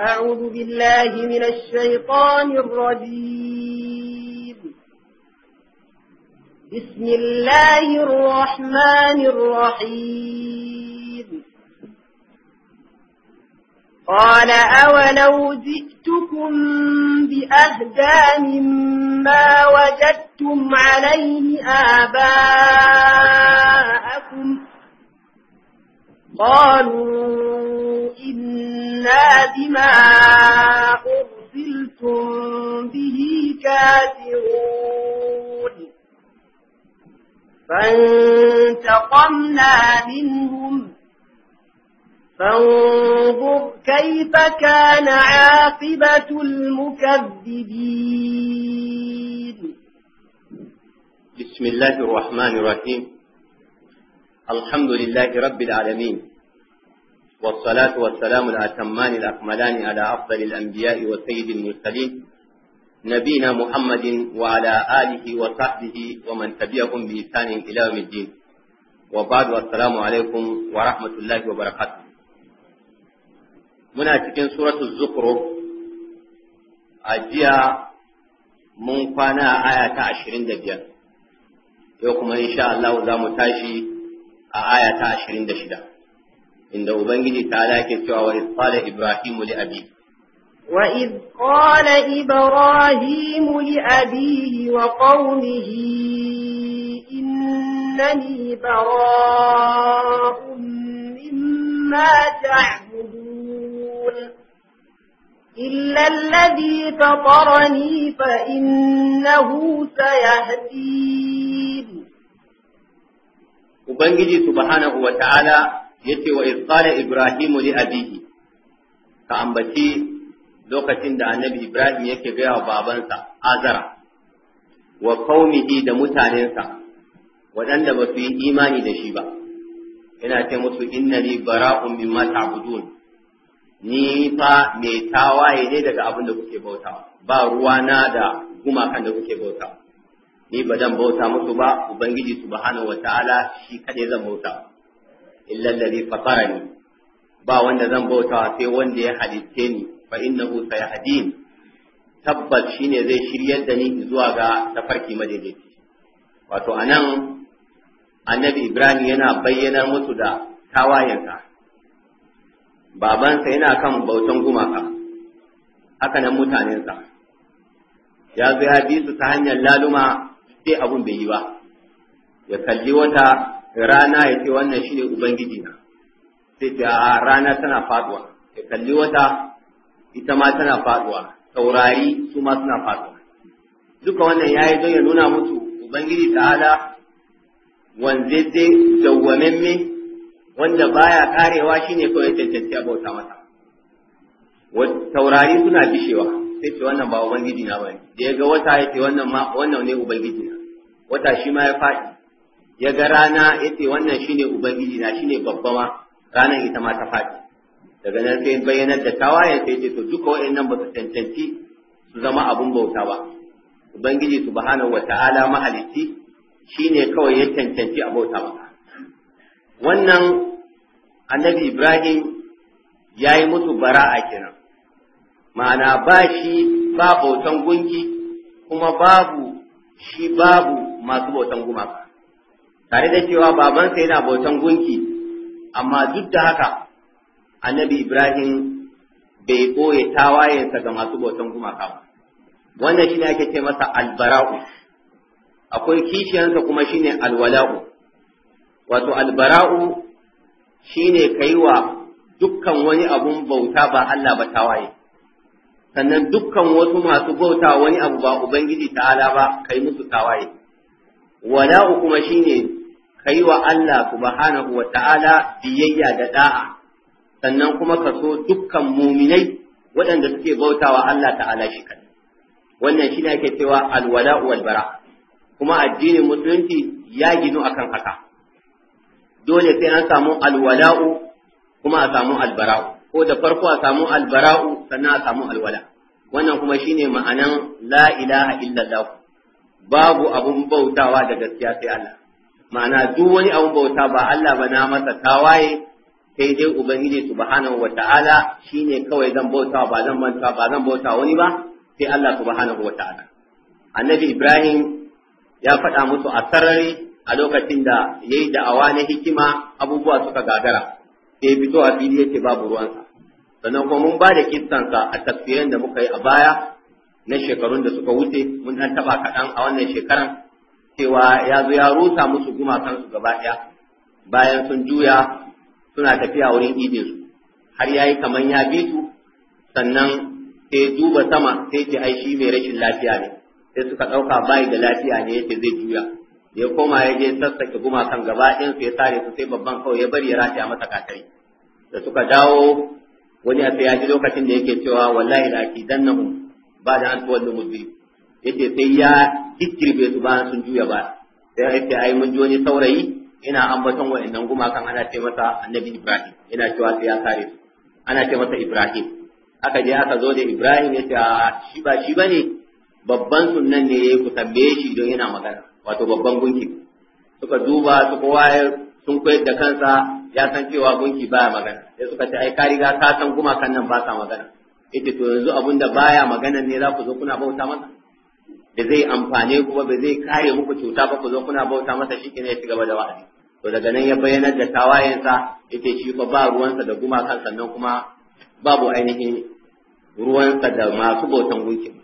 أعوذ بالله من الشيطان الرجيم بسم الله الرحمن الرحيم قال أولو جئتكم بأهدى مما وجدتم عليه آباءكم قالوا إنا بما أرسلتم به كافرون فانتقمنا منهم فانظر كيف كان عاقبة المكذبين بسم الله الرحمن الرحيم الحمد لله رب العالمين والصلاة والسلام الأتمان الأكملان على أفضل الأنبياء وسيد المرسلين نبينا محمد وعلى آله وصحبه ومن تبعهم بإحسان إلى يوم الدين وبعد والسلام عليكم ورحمة الله وبركاته muna cikin suratul zukhruf a jiya mun kwana a aya ta 25 yau kuma insha Allah za mu tashi a aya ta 26 inda ubangiji ta ke cewa wa isqala ibrahimu li abi wa id qala ibrahimu li abihi wa qaumihi innani bara'un mimma ta'budun إلا الذي فطرني فإنه سيهدين Ubangiji subhanahu wa ta'ala yace wa isqala ibrahimu li abihi ka ambaci lokacin da annabi ibrahim yake gaya wa babansa azara wa qaumihi da mutanensa waɗanda ba su yi imani da shi ba Ina ce musu innani bara'un mimma ta'budun ni fa mai tawaye ne daga abin da kuke bauta ba ruwa na da gumakan da kuke bauta ni ba dan bauta musu ba ubangiji subhanahu wataala shi kadai zan bauta illa fasara ne, ba wanda zan bauta sai wanda ya halicce ni fa innahu sayahdin tabbas shine zai shiryar da ni zuwa ga tafarki madaidaici wato anan annabi Ibrahim yana bayyanar musu da tawayensa babansa yana kan bautan gumaka haka nan mutanensa ya zo ya bi su ta hanyar laluma sai abun bai yi ba ya kalli wata rana ya ce wannan shine ubangiji na sai ce a rana tana faduwa ya kalli wata ita ma tana faduwa taurari su ma suna faduwa duka wannan yayi don ya nuna musu ubangiji ta'ala wanzeze dawwamemme wanda baya karewa shine kawai cancanci a bauta mata. taurari suna bishewa sai ce wannan ba ubangiji na bane da ya ga wata ya ce wannan ma wannan ne ubangiji na wata shi ma ya faɗi ya ga rana yace wannan shine ubangiji na shine babba ranar ita ma ta faɗi daga nan sai bayyanar da tawaye sai ce to duka wa'annan ba su cancanci su zama abun bauta ba ubangiji subhanahu wata'ala mahalicci shine kawai ya cancanci a bauta ba wannan annabi ibrahim ya yi musu a kenan ma'ana ba shi ba bautan gunki kuma babu shi babu masu bautan gumaka tare da cewa babansa yana bautan gunki amma duk da haka annabi ibrahim bai ɓoye tawayensa ga masu bautan gumaka ba wannan shine ake ce masa albara'u akwai kishiyansa kuma shine alwala'u wato albara'u shine kai wa dukkan wani abun bauta ba Allah ba tawaye sannan dukkan wasu masu bauta wani abu ba ubangiji ta'ala ba kai musu tawaye wala'u kuma shine ka yi wa Allah subhanahu wa ta'ala biyayya da da'a sannan kuma ka so dukkan muminai waɗanda suke bauta wa Allah ta'ala shi kadai wannan shi ne ake cewa alwala wal bara kuma addinin musulunci ya ginu akan haka dole sai an samu alwala'u kuma a samu albara'u ko da farko a samu albara'u sannan a samu alwala wannan kuma shine ma'anan la ilaha illallah babu abun bautawa da gaskiya sai Allah ma'ana duk wani abun bauta ba Allah ba na masa tawaye sai dai ubangiji subhanahu wata'ala shine kawai zan bauta ba zan manta ba zan bauta wani ba sai Allah subhanahu wata'ala annabi Ibrahim ya faɗa musu a sarari a lokacin da yayi da'awa na hikima abubuwa suka gagara sai fito a fili yake babu ruwansa sannan kuma mun ba da kissansa a tafsirin da muka yi a baya na shekarun da suka wuce mun dan taba kaɗan a wannan shekaran cewa ya zo ya rusa musu gumakansu gaba ɗaya bayan sun juya suna tafiya wurin idin su har yi kamar ya bi su sannan sai duba sama sai ce ai mai rashin lafiya ne sai suka ɗauka bayi da lafiya ne yake zai juya ya koma ya je sassake gumakan gaba ɗayan su ya sare su sai babban kawai ya bari ya a masa katari da suka dawo wani a ya ji lokacin da yake cewa wallahi danna mu, ba da an da mudbir ce sai ya kirkirbe su bayan sun juya ba sai yace ai mun ji wani saurayi ina ambaton wa'annan gumakan ana ce masa annabi Ibrahim ina cewa sai ya kare su ana ce masa Ibrahim aka je aka zo da Ibrahim ya ce shi ba shi bane babban sunnan ne yayi ku tambaye shi don yana magana wato babban gunki suka duba su kwaye sun koyar da kansa ya san cewa gunki baya magana sai suka ce ai ka riga ka san gumakan nan ba sa magana yace to yanzu da baya magana ne za ku zo kuna bauta masa da zai amfane ku ba zai kare muku cuta ba ku zo kuna bauta masa shi ne ya ci gaba da wa'azi to daga nan ya bayyanar da tawayensa yace shi ba ba ruwansa da gumakan sannan kuma babu ainihin ruwansa da masu bautan gunkin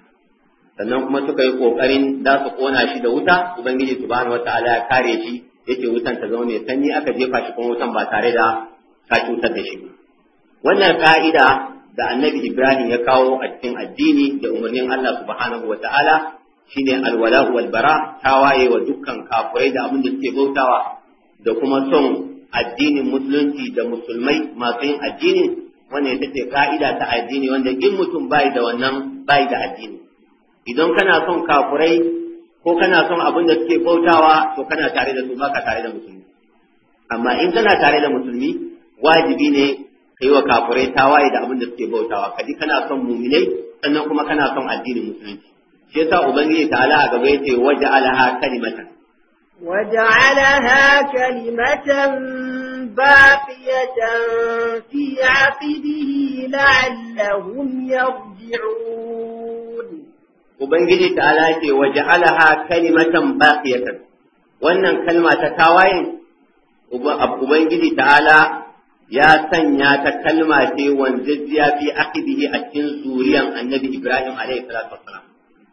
sannan kuma suka yi kokarin za su kona shi da wuta ubangiji subhanahu wataala ya kare shi yace wutan ta zaune sanyi aka jefa shi kuma wutan ba tare da ka cutar da shi wannan ka'ida da annabi ibrahim ya kawo a cikin addini da umarnin allah subhanahu wataala shine alwala wal bara waye wa dukkan kafirai da abin da suke bautawa da kuma son addinin musulunci da musulmai masu yin addini wannan ita ce ka'ida ta addini wanda in mutum bai da wannan bai da addini idan kana son kafirai ko kana son abin da suke bautawa to kana tare da su ba ka tare da musulmi amma in kana tare da musulmi wajibi ne kai wa kafirai tawaye da abin da suke bautawa kaji kana son muminai sannan kuma kana son addinin musulunci shi yasa ubangiji ta ala gaba yace waje alaha kalimatan وجعلها كلمة باقية في عقبه لعلهم يرجعون Ubangiji ta ta'ala ce waje alaha kalimatan baqiyatan wannan kalma ta tawayen Ubangiji ta Ala ya sanya ta kalma ce wanzajjiya fi aqibihi a cikin zuriyan Annabi Ibrahim alaihi salatu wassalam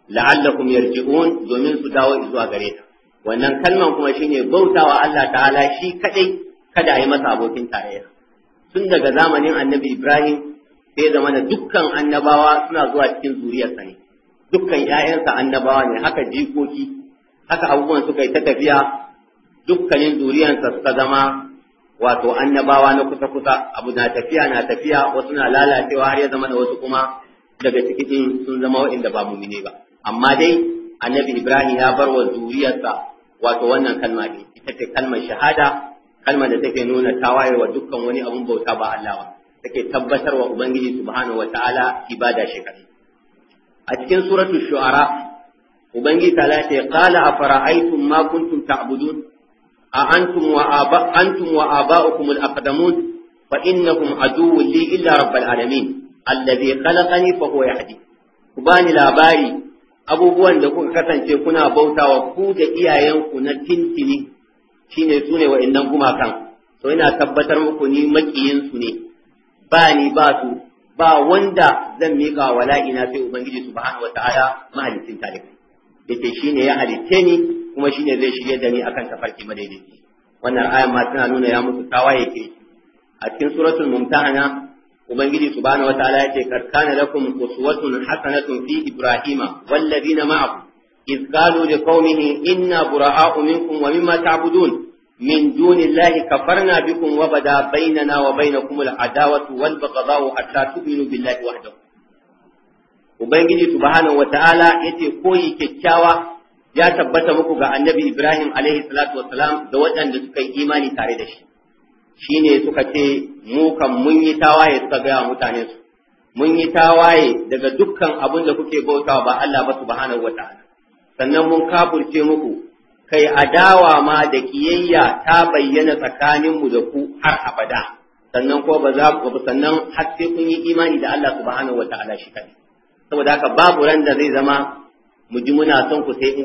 la'allakum yarji'un domin su dawo zuwa gare ta wannan kalman kuma shine bautawa Allah ta'ala shi kadai kada a yi masa abokin tarayya tun daga zamanin annabi Ibrahim sai zama da dukkan annabawa suna zuwa cikin zuriyarsa ne dukkan ƴaƴansa annabawa ne haka jikoki haka abubuwan suka yi ta tafiya dukkanin zuriyarsa suka zama wato annabawa na kusa kusa abu na tafiya na tafiya wasu na lalacewa har ya zama da wasu kuma daga cikin sun zama waɗanda ba mumine ba amma dai annabi ibrahim ya bar wa zuriyarsa wato wannan kalma ne ita ce kalmar shahada kalmar da take nuna tawaye wa dukkan wani abun bauta ba Allah ba take tabbatar wa ubangiji subhanahu wataala ibada shi a cikin suratul shu'ara ubangiji ta ya qala afara'aytum ma kuntum ta'budun a antum wa aba antum wa aba'ukum al-aqdamun fa innahum aduwwun li illa rabbil alamin alladhi khalaqani fa huwa yahdi ku bani labari abubuwan da kuka kasance kuna bautawa ku da iyayenku na tintini shine su ne wa'annan gumakan to ina tabbatar muku ni makiyinsu ne ba ni ba su ba wanda zan miƙa wala'ina sai ubangiji subhanahu wataala mahalicin ke shi ne ya halitte ni kuma ne zai shirya da ni akan tafarki madaidaici wannan ayan ma tana nuna ya musu tawaye ke a cikin suratul mumtahana ubangiji subhanahu wataala yace kad kana lakum uswatun hasanatun fi ibrahima wal ladina ma'ahu إذ قالوا لقومه إنا براء منكم ومما تعبدون من دون الله كفرنا بكم وبدا بيننا وبينكم العداوة والبغضاء حتى تؤمنوا بالله وحده Ubangiji subhanahu wa ta'ala ya ce koyi kyakkyawa ya tabbata muku ga annabi Ibrahim alaihi da waɗanda suka yi imani tare da shi, Shi ne suka ce mukan mun yi tawaye suka gaya mutane su mun yi tawaye daga dukkan abin da kuke bautawa ba Allah ba bahanar wata sannan mun kafurce muku kai adawa ma da kiyayya ta bayyana tsakaninmu da ku har abada sannan ko ba za ku sannan har sai kun yi imani da Allah subhanahu ala shi kadai saboda haka babu ran da zai zama mu ji muna son ku sai